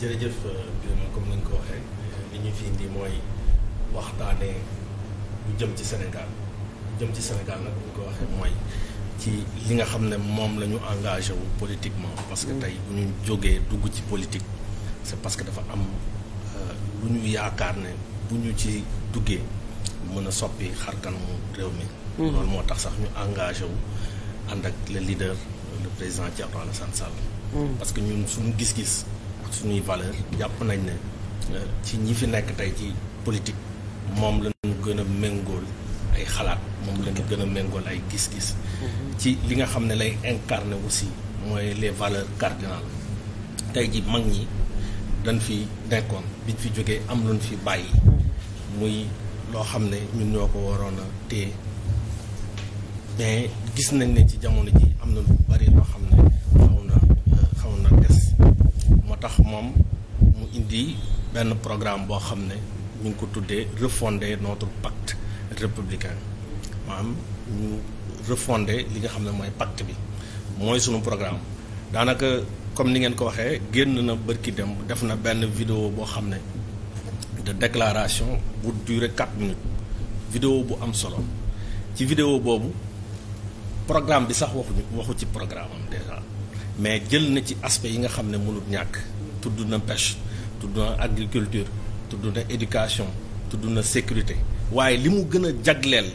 jërëjëf euh, Birame comme ni nga ko waxee ni euh, ñu fii indi mooy waxtaanee lu jëm ci Sénégal lu jëm ci Sénégal nag bu ko waxee mooy ci li nga xam ne moom la ñu engagé wu politiquement. parce que mm. tey bu ñu jógee dugg ci politique. c'est parce que dafa am euh, lu ñu yaakaar ne bu ñu ci duggee mën a soppi xarkanamu réew mi. Mm. loolu moo tax sax ñu engagé wu ànd ak le leader le président Thierno Alassane Sall. Mm. parce que su suñu gis-gis. suñuy valeur jàpp nañ ne euh, ci ñi fi nekk tey ci politique moom la ñu a méngool ay xalaat moom la ñu a méngool ay gis-gis mhm. ci li nga xam ne lay incarné aussi mooy les valeurs cardinales tey ji mag ñi dañ fi nekkoon biñ fi jógee am luñ fi bàyyi muy loo xam ne ñun ñoo ko waroon a téye mais gis nañ ne ci jamono ji am na bari loo xam moom mu indi benn programme boo xam ne ñu ngi ko tuddee refonder notre pacte républicain maanaam ñu refonder li nga xam ne mooy pacte bi mooy sunu programme daanaka comme ni ngeen ko waxee génn na bërki dem def na benn vidéo boo xam ne de déclaration bu durer quatre minutes vidéo bu am solo ci vidéo boobu programme bi sax waxuñu waxu ci programme mais jël na ci aspect yi nga xam ne mënul ñàkk tudd na pêche tudd na agriculture tudd na éducation tudd na sécurité waaye li mu gën a jagleel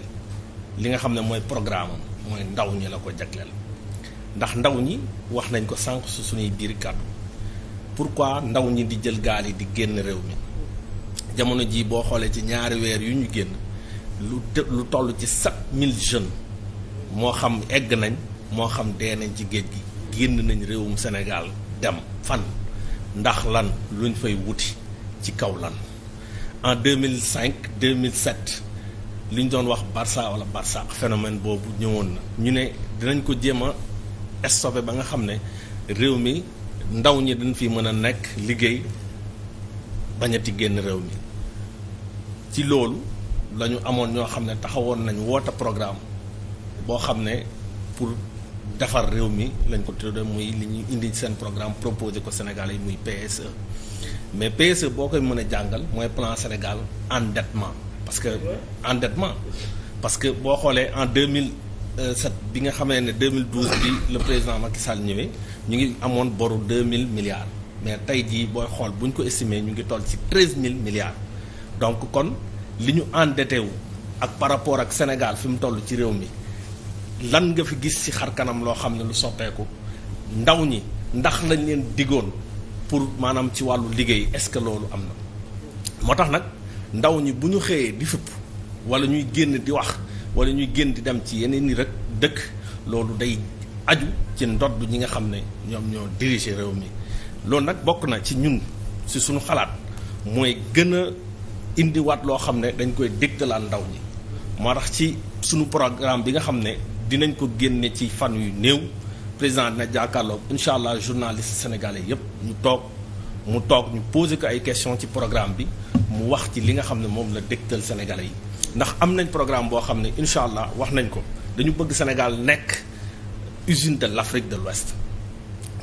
li nga xam ne mooy programme am mooy ndaw ñi la ko jagleel ndax ndaw ñi wax nañ ko sànq su suñuy biir kàddu pourquoi ndaw ñi di jël gaal yi di génn réew mi jamono jii boo xoolee ci ñaari weer yu ñu génn lu lu toll ci sept mille jeunes moo xam egg nañ moo xam dee nañ ci géej gi génn nañ réewum Sénégal dem fan ndax lan luñ fay wuti ci kaw lan en 2005 2007 li ñu doon wax Barça wala Barça phénomène boobu ñëwoon na ñu ne dinañ ko jéem a stopper ba nga xam ne réew mi ndaw ñi dañ fi mën a nekk liggéey bañati génn réew mi ci loolu lañu amoon ñoo xam ne taxawoon nañu woote programme boo xam ne pour defar réew mi lañ ko tuddee muy li ñu indi seen programme proposé ko Sénégal yi muy PSE mais PSE boo koy mën a jàngal mooy plan Sénégal en endettement parce que endettement parce que boo xoolee en deux mille 2007 bi nga xamee ne deux 2012 bi le président Macky Sall ñëwee ñu ngi amoon boru 2000 milliards mais tey jii booy xool bu ñu ko estimé ñu ngi toll ci mille milliards donc kon li ñu en wu ak par rapport ak Sénégal fi mu toll ci réew mi. lan nga fi gis ci xar kanam loo xam ne lu soppeeku ndaw ñi ndax lañ leen diggoon pour maanaam ci wàllu liggéey est-ce que loolu am na moo tax nag ndaw ñi bu ñu xëyee di fipp wala ñuy génn di wax wala ñuy génn di dem ci yeneen yi rek dëkk loolu day aju ci ndodd ñi nga xam ne ñoom ñoo diriger réew mi loolu nag bokk na ci ñun si suñu xalaat mooy gën a indiwaat loo xam ne dañ koy dégtalaan ndaw ñi moo tax ci suñu programme bi nga xam ne dinañ ko génne ci fan yu néew président dina jàkkaarlook incha allah journaliste sénégalais yépp ñu toog mu toog ñu poser ko ay question ci programme bi mu wax ci li nga xam ne moom la dégtal sénégalais yi ndax am nañ programme boo xam ne incha allah wax nañ ko dañu bëgg Sénégal nekk usine de l'Afrique de l'Ouest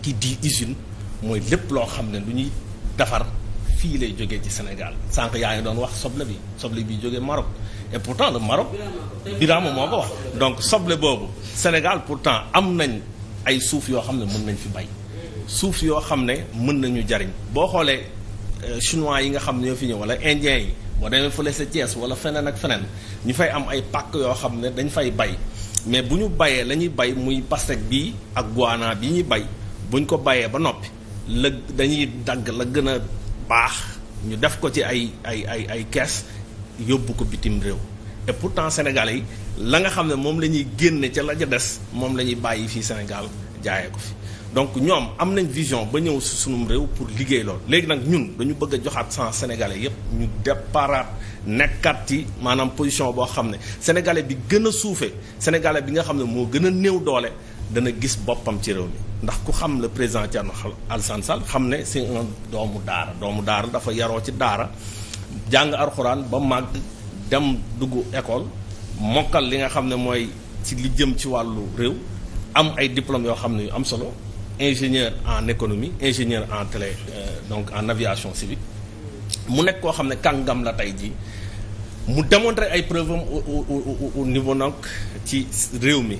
ki di usine mooy lépp loo xam ne lu ñuy defar fii lay jóge ci Sénégal sànq yaa ngi doon wax soble bi soble bi jóge Maroc et pourtant le Maroc Birama moo ko wax donc soble boobu Sénégal pourtant am nañ ay suuf yoo xam ne mën nañ fi bay suuf yoo xam ne mën nañu jariñ boo xoolee euh, chinois yi nga xam ne ñoo fi ñëw wala indien yi boo demee fële sa Thiès wala feneen ak feneen ñu fay am ay pàkk yoo xam ne dañ fay bay mais bu ñu bayee la ñuy bay muy pastèque bii ak guana bi ñuy bay bu ñu ko bayee ba noppi la dañuy dagg la gën a baax ñu def ko ci ay ay ay ay kees yóbbu ko bitim réew te pourtant sénégalais yi la nga xam ne moom la ñuy génne ca la ja des moom la ñuy bàyyi fii Sénégal jaayee ko fi donc ñoom am nañ vision ba ñëw si sunum réew pour liggéey loolu léegi nag ñun dañu bëgg a joxaat sans sénégalais yépp ñu déparaat nekkat yi maanaam position boo xam ne sénégalais bi gën a suufee sénégalais bi nga xam ne moo gën a néew doole dana gis boppam ci réew mi ndax ku xam le président Thierno Alassane Sall xam ne c'est un doomu daara doomu daara dafa yaroo ci daara jàng arxuraan ba màgg dem dugg école mokal li nga xam ne mooy ci li jëm ci wàllu réew am ay diplômes yoo xam ne yu am solo ingénieur en économie ingénieur en télé euh, donc en aviation civile mu nekk koo xam ne kàngam la tey jii mu démontrer ay preuve am au niveau nag ci réew mi